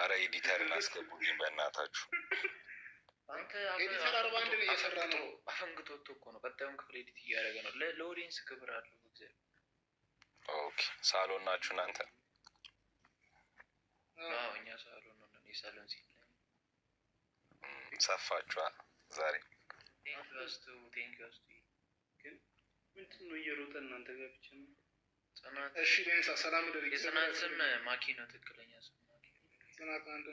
አረ ኤዲተር እናስገቡልኝ በእናታችሁ። ኤዲተር አርባ አንድ ነው እየሰራ ነው። አፈንግጦ እኮ ነው። ቀጣዩን ክፍል ኤዲት እያደረገ ነው። ለኦዲየንስ ክብር አለው። ኦኬ ሳሎን ናችሁ እናንተ? እኛ ሳሎን ነው። ሳሎን ሲል ሰፋችኋ ዛሬ ቴንኪ ዋስቱ ቴንኪ ዋስቱ ግን ምንድን ነው እየሮጠ እናንተ ጋር ብቻ ነው እሺ ደንሳ ሰላም የጽናት ስም ማኪ ነው። ትክክለኛ ስም ጽናት አንድ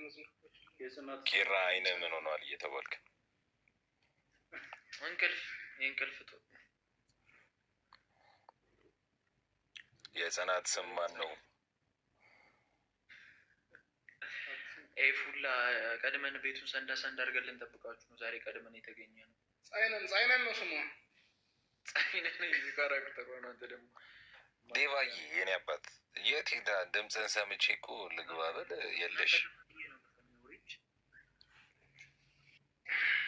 ኪራ አይነ ምን ሆኗል እየተባልክ እንቅልፍ የእንቅልፍ ቶ የጽናት ስም ማን ነው? ኤፉላ ቀድመን ቤቱን ሰንዳ ሰንዳ አድርገን ልንጠብቃችሁ ነው። ዛሬ ቀድመን የተገኘ ነው። ጻይነን ጻይነን ነው ስሟ ጻይነን። ይህ ካራክተር ሆነ አንተ ደግሞ ዴባዬ የኔ አባት የት ሄዳ? ድምፅን ሰምቼ እኮ ልግባ ብል የለሽ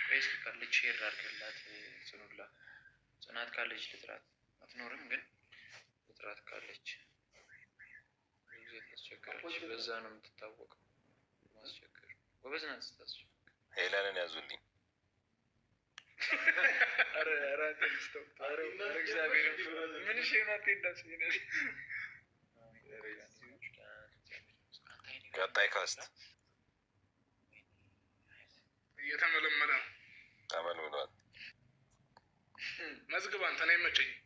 ቀይስ ካለች ሄር አድርገላት። ጽኑላ ጽናት ካለች ልጥራት። አትኖርም ግን ልጥራት ካለች ጊዜ ታስቸግራለች። በዛ ነው የምትታወቀው። ማስቸገር ጎበዝ ናት። ስታስቸግር ሄለንን ያዙልኝ። ቀጣይ ካስት እየተመለመለ ነው። ተመልምሏል። መዝግብ አንተን አይመቸኝም።